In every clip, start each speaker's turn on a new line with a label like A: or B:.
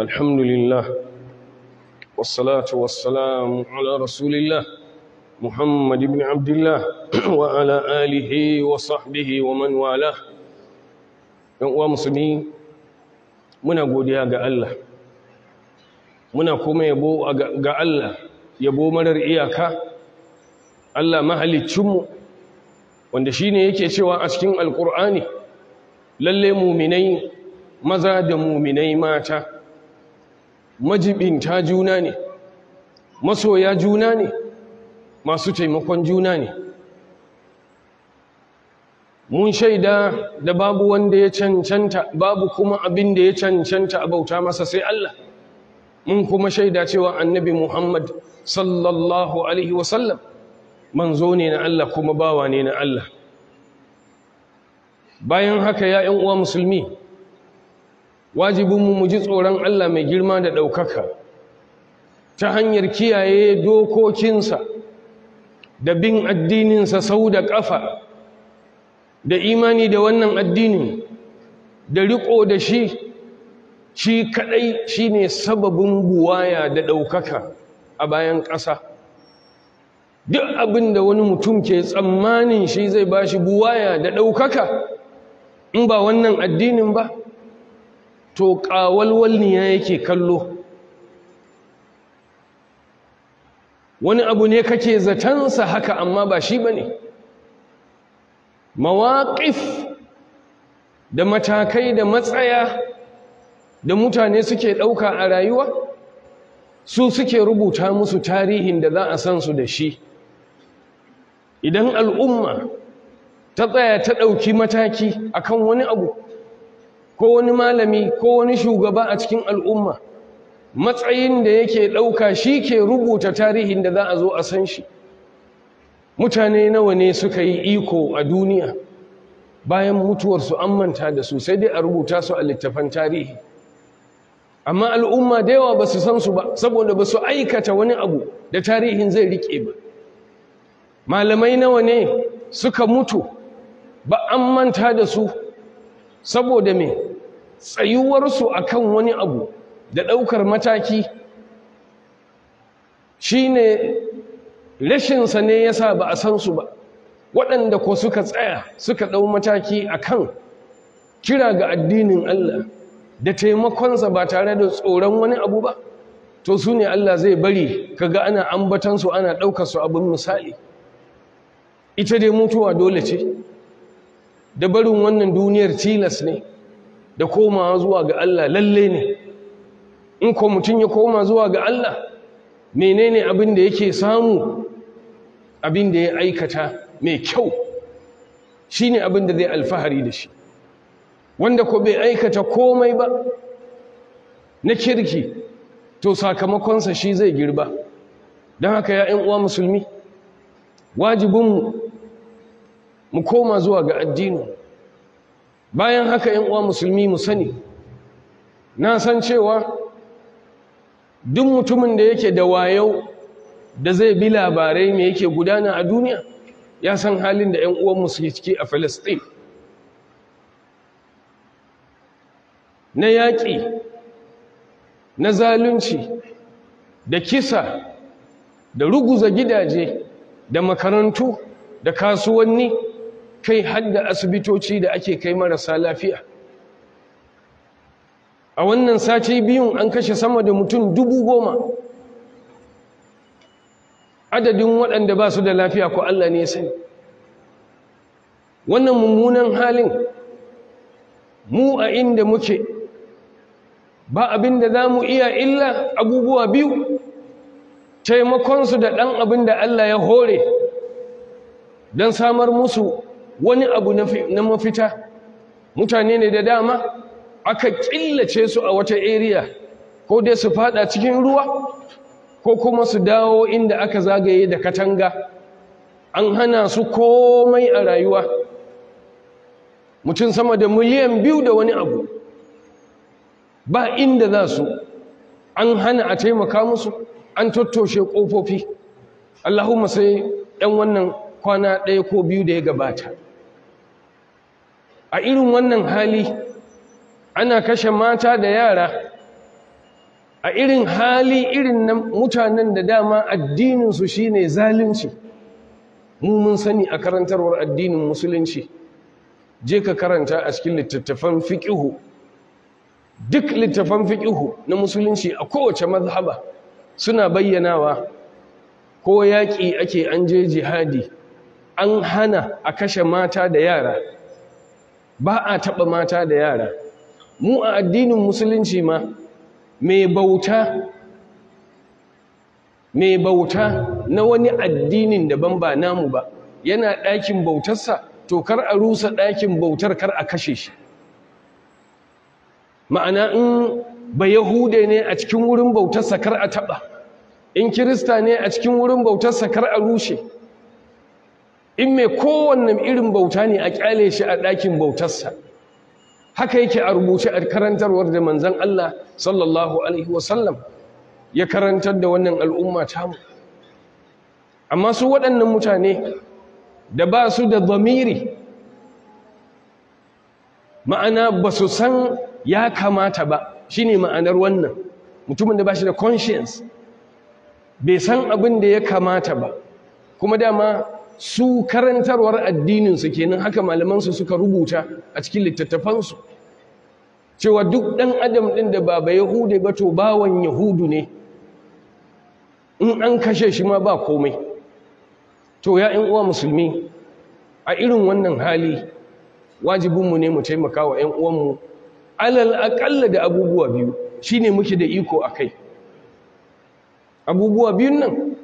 A: الحمد لله والصلاة والسلام على رسول الله محمد بن عبد الله وعلى آله وصحبه ومن والاه يوم مسلمين muna godiya ga Allah muna kuma yabo ga Allah yabo marar iyaka Allah mahaliccinmu wanda shi ne yake cewa a cikin alkur'ani lallai muminai maza da muminai mata majibinta juna ne masoya juna ne masu taimakon juna ne mun shaida da babu wanda ya cancanta babu kuma abin da ya cancanta a bauta masa sai Allah mun kuma shaida cewa annabi Muhammad sallallahu alaihi wasallam manzo ne na Allah kuma bawa ne na Allah bayan haka ya uwa musulmi wajibinmu mu ji tsoron Allah mai girma da ɗaukaka ta hanyar kiyaye dokokinsa da bin addininsa sau da ƙafa da imani da wannan addinin da riƙo da shi shi kaɗai shi ne sababin buwaya da ɗaukaka a bayan ƙasa duk abin da wani mutum ke tsammanin shi zai ba shi buwaya da ɗaukaka in ba wannan addinin ba to ya yake kallo wani abu ne kake zatansa haka amma ba shi ba ne mawaƙif da matakai da matsaya da mutane suke ɗauka a rayuwa su suke rubuta musu tarihin da za a san su da shi idan al'umma ta tsaya ta ɗauki mataki akan wani abu ko wani malami ko wani shugaba a cikin al'umma matsayin da yake ɗauka shi ke rubuta tarihin da za a zo a san shi mutane nawa ne suka yi iko a duniya bayan mutuwarsu an manta da su sai dai a rubuta su a littafan tarihi amma al'umma da yawa ba su san su ba saboda ba su aikata wani abu da tarihin zai riƙe ba malamai nawa ne suka mutu ba an manta da su saboda mai. tsayuwarsu a kan wani abu da ɗaukar mataki shine rashinsa ne yasa ba a san su ba waɗanda ko suka tsaya suka ɗau mataki a kan kira ga addinin Allah da taimakonsa ba tare da tsoron wani abu ba to su ne Allah zai bari kaga ana ambatansu ana su abin misali ita dai mutuwa dole ce da barin wannan duniyar tilas ne da komawa zuwa ga Allah lalle ne in ko mutum ya koma zuwa ga Allah menene abin da yake samu abin da ya aikata mai kyau shine abin da zai alfahari da shi wanda ko bai aikata komai ba na kirki to sakamakonsa shi zai girba dan haka ya uwa musulmi wajibinmu mu koma zuwa ga addinin bayan haka yan uwa musulmi mu sani na san cewa duk mutumin da yake da wayau da zai bi labarai me yake gudana a duniya ya san halin da yan uwan musulmi ciki a Palestine na yaƙi na zalunci da kisa da ruguza gidaje da makarantu da kasuwanni kai hadda asibitoci da ake kai marasa lafiya a wannan sati biyun an kashe sama da mutum dubu goma adadin waɗanda ba su da lafiya ko Allah ne ya sani wannan mummunan halin mu a inda muke ba abin da za mu iya illa abubuwa biyu taimakonsu da ɗan abin da Allah ya hore don samar musu wani abu na mafita mutane ne da dama aka killace su a wata area ko dai su fada cikin ruwa ko kuma su dawo inda aka zagaye da katanga an hana su komai a rayuwa mutum sama da miliyan biyu da wani abu ba inda za su an hana a taimaka musu an tattoshe ƙofofi allahumma sai 'yan wannan kwana ɗaya ko biyu da ya gabata a irin wannan hali ana kashe mata da yara a irin hali irin na mutanen da dama addininsu shi ne zalunci mu sani a karantarwar addinin musulunci je ka karanta a cikin littattafan fiƙihu duk littattafan fiƙihu na musulunci a kowace mazhaba suna bayyanawa ko yaƙi ake an je jihadi an hana a kashe mata da yara ba a taɓa mata da yara mu a addinin musulunci ma mai bauta mai bauta na wani addinin daban ba namu ba yana ɗakin bautarsa to kar a rusa ɗakin bautar kar a kashe shi ma'ana in ba yahude ne a cikin wurin bautarsa kar a taɓa in kirista ne a cikin wurin bautarsa kar a rushe in mai kowanne irin bauta ne a kyale shi a ɗakin bautarsa haka yake a rubuce a karantarwar da manzan Allah sallallahu alaihi wasallam ya karantar da wannan al'umma tamu amma su waɗannan mutane da ba su da zamiri ma'ana ba su san ya kamata ba shi ne ma'anar wannan mutumin da ba shi da conscience bai san abin da ya kamata ba kuma dama su karantarwar addininsu kenan haka malamansu suka rubuta a cikin littattafansu cewa duk ɗan adam ɗin da ba ba yahude ba to bawan yahudu ne in an kashe shi ma ba komai to ya uwa musulmi a irin wannan hali wajibinmu ne mu taimaka wa ‘yan uwanmu alal aƙalla da abubuwa biyu shine muke da iko a kai abubuwa biyun nan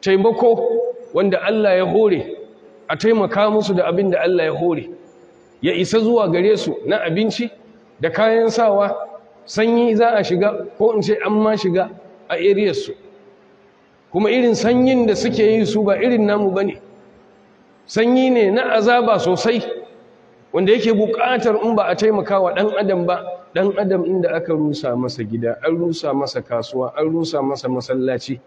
A: taimako wanda Allah ya hore a taimaka musu da abin da Allah ya hore ya isa zuwa gare su na abinci da kayan sawa sanyi za a shiga ko in ce an ma shiga a su, kuma irin sanyin da suke yi su ba irin namu ba ne sanyi ne na azaba sosai wanda yake buƙatar in ba a taimaka wa ɗan adam ba ɗan adam inda aka rusa masa gida an rusa masa kasuwa an rusa masa masallaci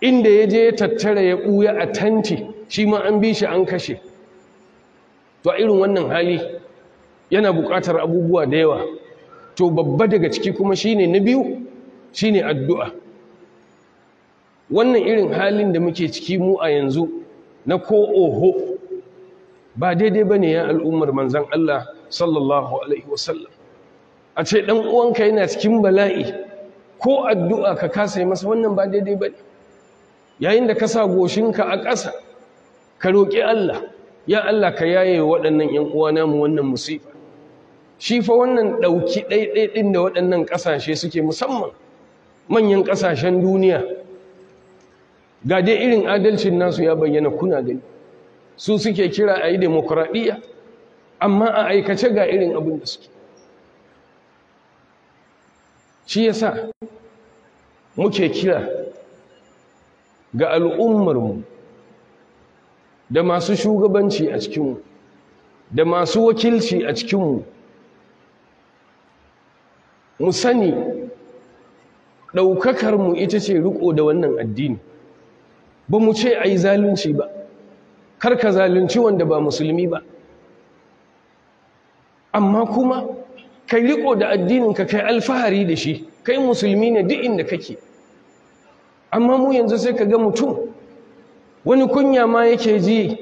A: inda ya je ya tattara ya ɓuya a tanti shi ma an bi shi an kashe to a irin wannan hali yana buƙatar abubuwa da yawa to babba daga ciki kuma shine na biyu shine addu'a wannan irin halin da muke ciki mu a yanzu na ko oho ba daidai ba ne ya al'ummar manzan Allah sallallahu Alaihi wasallam a ce ɗan uwanka yana cikin bala'i ko addu'a ka kasa yi masa wannan ba daidai ba ne yayin da ka sa goshinka a ƙasa ka roƙi Allah ya Allah ka yaye waɗannan ‘yan uwana mu wannan musifa shi fa wannan ɗauki ɗin da waɗannan ƙasashe suke musamman manyan ƙasashen duniya ga dai irin adalcin nasu ya bayyana kuna gani su suke kira a yi amma a aikace ga irin abin da suke shi yasa muke kira ga al'ummarmu da masu shugabanci a cikinmu da masu wakilci a cikinmu mu sani ɗaukakarmu ita ce riƙo da wannan addini ba mu ce a yi zalunci ba kar ka zalunci wanda ba musulmi ba amma kuma kai riƙo da addinin ka kai alfahari da shi kai musulmi ne duk inda kake amma mu yanzu sai ka ga mutum wani kunya ma yake ji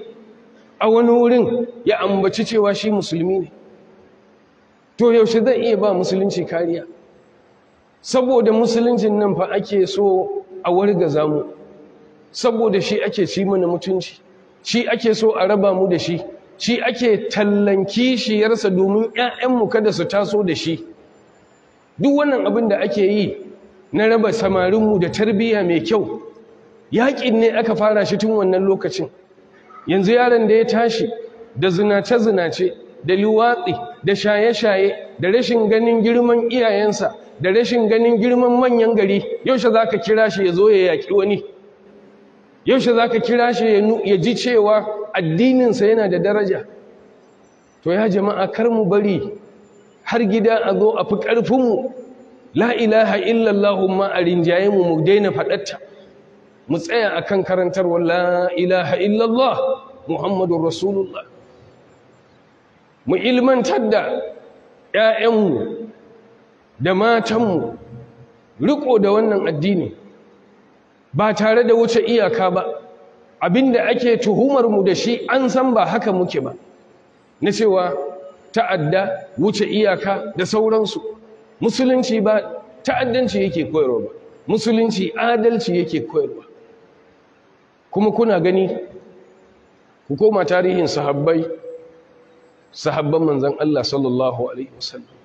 A: a wani wurin ya ambaci cewa shi musulmi ne to yaushe zai iya ba musulunci kariya saboda musuluncin nan fa ake so a ga zamu, saboda shi ake ci mana mutunci shi ake so a raba mu da shi shi ake tallan kishiyarsa domin 'ya'yanmu kada su taso da shi duk wannan abin da ake yi na raba samarinmu da tarbiyya mai kyau yaƙin ne aka fara shi tun wannan lokacin yanzu yaron da ya tashi da zinace-zinace da liwatsi da shaye-shaye da rashin ganin girman iyayensa da rashin ganin girman manyan gari yaushe za ka kira shi ya zo ya yaƙi wani yaushe za ka kira shi ya ji cewa addininsa yana da daraja to ya jama'a kar mu bari har gida a zo a fi ƙarfinmu la ilaha illallah ma a mu daina faɗatta mu tsaya akan karantarwa la ilaha illallah muhammadun rasulullah mu ilmantar da 'ya'yanmu da matanmu riko da wannan addini ba tare da wuce iyaka ba abinda ake tuhumar mu da shi an san ba haka muke ba na cewa ta'adda wuce iyaka da sauransu musulunci ba ta'addanci yake koyarwa ba musulunci adalci yake koyarwa kuma kuna gani ku koma tarihin sahabbai sahabban manzon Allah sallallahu alaihi wasallam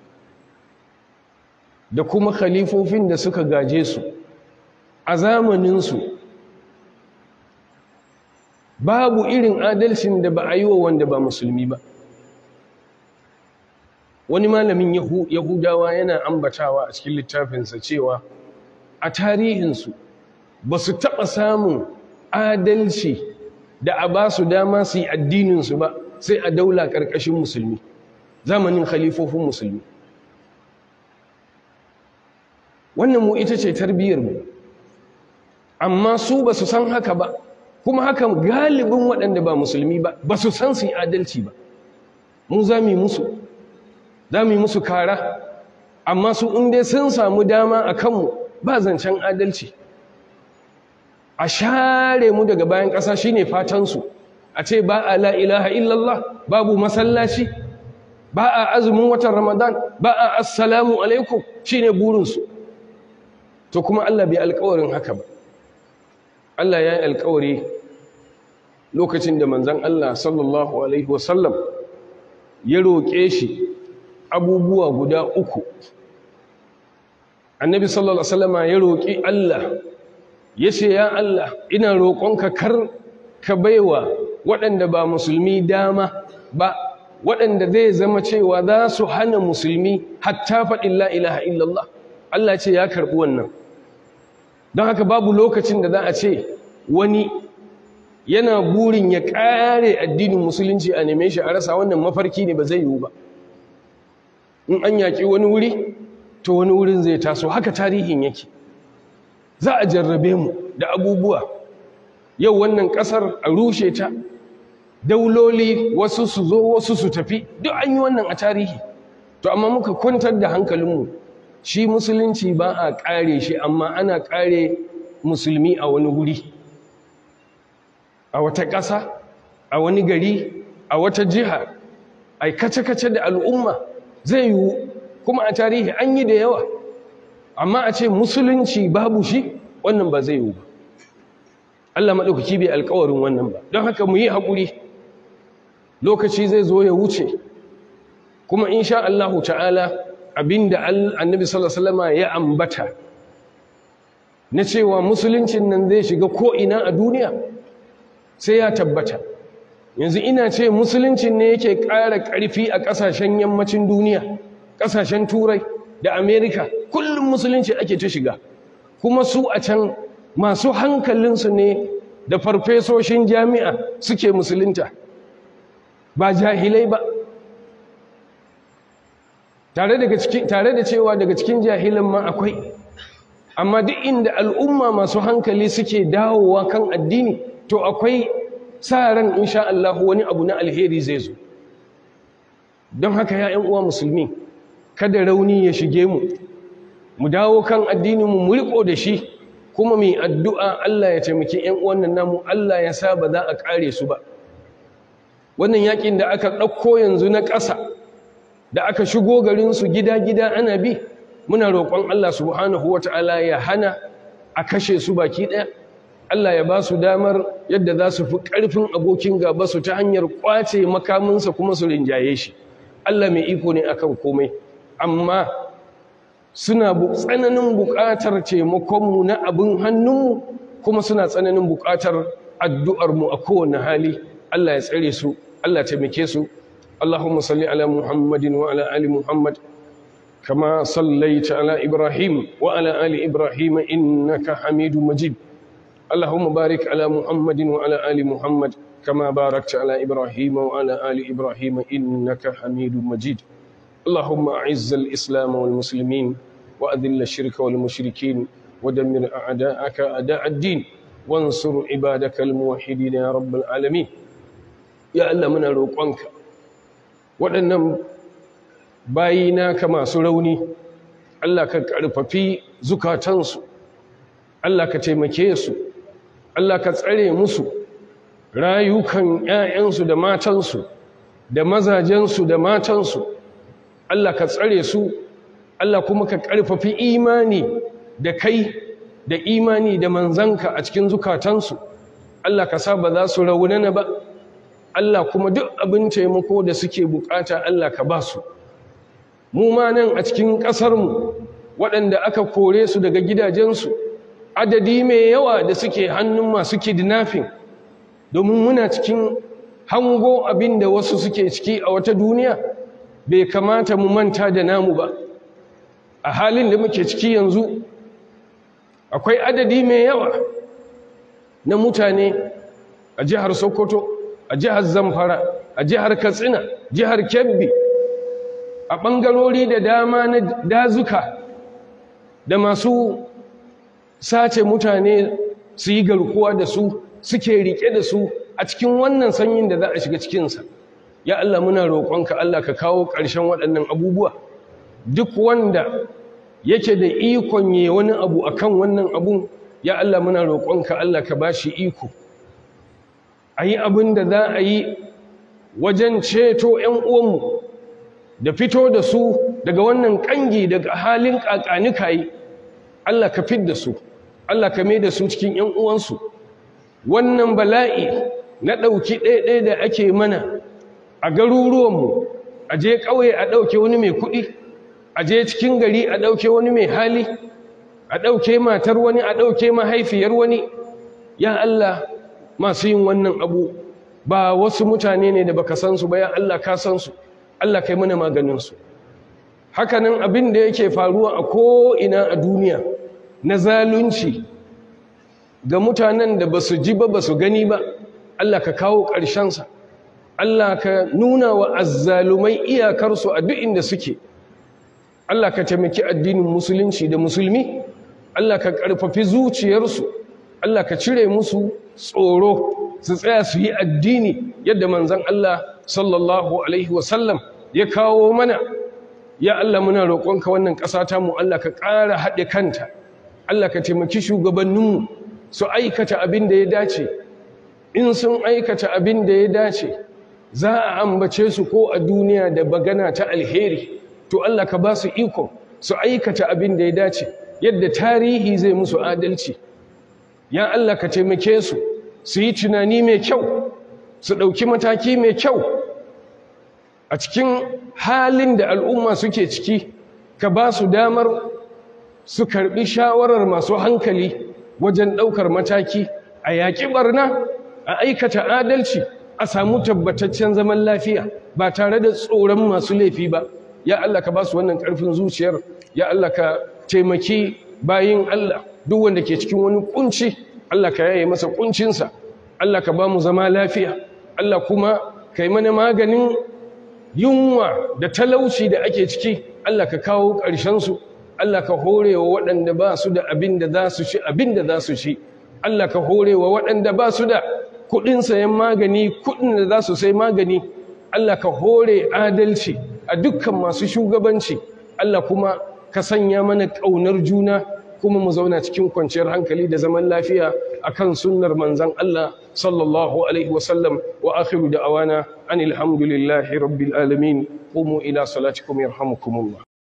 A: da kuma khalifofin da suka gaje su a su, babu irin adalcin da ba a yi wa wanda ba musulmi ba wani malamin yahudawa yana ambatawa a cikin littafinsa cewa a tarihinsu ba su taɓa samun adalci da a ba su dama su yi addininsu ba sai a daula ƙarƙashin musulmi zamanin khalifofin musulmi wannan mu ita ce tarbiyyar tarbiyyarmu amma su ba su san haka ba kuma haka galibin waɗanda ba musulmi ba ba su san su yi adalci ba mu za mu yi musu za mu yi musu kara amma su in sun samu dama a kanmu ba zancen adalci a share mu daga bayan ƙasa shi ne fatansu a ce ba a la ilaha illallah babu masallaci ba a azumin watan ramadan ba a assalamu alaikum shi ne burinsu to kuma allah bai alkawarin haka ba allah ya yi alkawari lokacin da manzan allah sallallahu alaihi wasallam ya roƙe shi abubuwa guda uku annabi sallallahu alaihi wasallama ya roƙi Allah ya ce ya Allah ina roƙonka kar ka baiwa waɗanda ba musulmi dama ba waɗanda zai zama cewa za su hana musulmi hatta faɗin la'ilaha illallah Allah ce ya karɓi wannan don haka babu lokacin da za a ce wani yana burin ya ƙare addinin musulunci a neme shi a rasa wannan mafarki ne ba zai yiwu ba in an yaƙi wani wuri to wani wurin zai taso haka tarihin yake za a jarrabe mu da abubuwa yau wannan ƙasar a rushe ta dauloli wasu su zo wasu su tafi duk an yi wannan a tarihi to amma muka kwantar da hankalinmu shi musulunci ba a ƙare shi amma ana ƙare musulmi a wani wuri a wata ƙasa a wani gari a wata jiha a kace-kace da al'umma zai yiwu kuma a tarihi an yi da yawa amma a ce musulunci babu shi wannan ba zai yiwu ba Allah maɗaukaki bai alkawarin wannan ba don haka mu yi haƙuri lokaci zai zo ya wuce kuma insha Allahu ta'ala abinda annabi sallallahu alaihi ya ambata na cewa musuluncin nan zai shiga ko ina a duniya sai ya tabbata yanzu ina ce musuluncin ne yake ƙara ƙarfi a ƙasashen yammacin duniya ƙasashen turai da amerika kullum musulunci ake ta shiga kuma su a can masu hankalinsu ne da farfesoshin jami'a suke musulunta ba jahilai ba tare da cewa daga cikin jahilan ma akwai amma duk inda al'umma masu hankali suke dawowa kan addini to akwai sa ran insha Allah wani abu na alheri zai zo don haka ya uwa musulmi kada rauni ya shige mu mu dawo kan addinin mu riko da shi kuma mu addu'a Allah ya taimaki ƴan uwannan nan namu Allah ya sa ba za a kare su ba wannan yaƙin da aka ɗauko yanzu na ƙasa da aka shigo garinsu gida gida ana bi muna roƙon Allah subhanahu wataala ya hana a kashe su baki ɗaya Allah ya ba su damar yadda za su fi ƙarfin abokin gaba su ta hanyar ƙwace makaminsa kuma su rinjaye shi Allah mai iko ne akan komai amma suna tsananin buƙatar taimakonmu na abin hannunmu kuma suna tsananin buƙatar addu'armu a kowane hali Allah ya tsare su Allah taimake su اللهم صل على محمد وعلى آل محمد كما صليت على إبراهيم وعلى آل إبراهيم إنك Hamidu مجيد اللهم بارك على محمد وعلى آل محمد كما باركت على إبراهيم وعلى آل إبراهيم إنك حميد مجيد اللهم أعز الإسلام والمسلمين وأذل الشرك والمشركين ودمر أعداءك أعداء الدين وانصر عبادك الموحدين يا رب العالمين يا الله من روقانك waɗannan bayina ka masu rauni Allah ka ƙarfafi zukatansu Allah ka taimake su Allah ka tsare musu rayukan 'ya'yansu da matansu da mazajensu da matansu Allah ka tsare su Allah kuma ka ƙarfafi imani da kai da imani da manzanka a cikin zukatansu Allah ka sa ba za su raunana ba Allah kuma duk abin taimako da suke bukata Allah ka ba su mu ma nan a cikin ƙasarmu waɗanda aka kore su daga gidajensu adadi mai yawa da suke hannun masu kidnapping domin muna cikin hango abin da wasu suke ciki a wata duniya bai kamata mu manta da namu ba a halin da muke ciki yanzu akwai adadi mai yawa na mutane a jihar sokoto a jihar zamfara a jihar katsina jihar kebbi a ɓangarori da dama na dazuka da masu sace mutane su yi garkuwa da su suke rike da su a cikin wannan sanyin da za a shiga cikinsa ya Allah muna roƙonka Allah ka kawo ƙarshen waɗannan abubuwa duk wanda yake da ikon yi wani abu akan wannan abun ya Allah muna roƙonka Allah ka bashi iko a yi abin da za a yi wajen ceto 'yan uwanmu da fito da su daga wannan ƙangi daga halin ƙaƙanika yi Allah ka fidda su Allah ka mai da su cikin ‘yan uwansu wannan bala'i na ɗauki ɗaiɗai da ake mana a garuruwanmu a je ƙauye a ɗauke wani mai kuɗi a je cikin gari a ɗauke wani mai hali a ɗauke matar wani a ɗauke mahaifiyar wani ya Allah masu yin wannan abu ba wasu mutane ne da baka san su ba ya Allah ka san su Allah kai mana maganin su hakanan abin da yake faruwa a ko ina a duniya na zalunci ga mutanen da ba su ji ba ba su gani ba Allah ka kawo ƙarshensa Allah ka nuna wa azzalumai iyakarsu a duk inda suke Allah ka taimaki addinin musulunci da musulmi Allah ka ƙarfafi zuciyarsu Allah ka cire musu tsoro su tsaya su yi addini yadda manzon Allah sallallahu alaihi wasallam ya kawo mana ya Allah muna roƙonka wannan ƙasa ta mu Allah ka ƙara haɗe kanta Allah ka taimaki shugabanninmu su aikata abin da ya dace in sun aikata abin da ya dace za a ambace su ko a duniya da bagana ta alheri to Allah ka ba su iko su aikata abin da ya dace yadda tarihi zai musu adalci ya Allah ka taimake su su yi tunani mai kyau su ɗauki mataki mai kyau a cikin halin da al'umma suke ciki ka ba su damar su karbi shawarar masu hankali wajen ɗaukar mataki a yaƙi barna a aikata adalci a samu tabbataccen zaman lafiya ba tare da tsoron masu laifi ba ya Allah ka ba su wannan ƙarfin zuciyar ya Allah ka taimaki bayin Allah duk wanda ke cikin wani ƙunci? Allah ka yaye masa ƙuncinsa. Allah ka ba mu zama lafiya Allah kuma ka yi mana maganin yunwa da talauci da ake ciki Allah ka kawo ƙarshen su. Allah ka wa waɗanda ba su da abin da za su ci abin da za su ci Allah ka wa waɗanda ba su da kuɗin sayan magani kuɗin da za su sai magani Allah ka hore adalci a dukkan masu shugabanci Allah kuma ka sanya mana ƙaunar juna kuma mu zauna cikin kwanciyar hankali da zaman lafiya a kan sunnar manzon Allah sallallahu alaihi wasallam wa akhiru da'awana anil hamdulillahi rabbil alamin qumu ila salatikum yarhamukumullah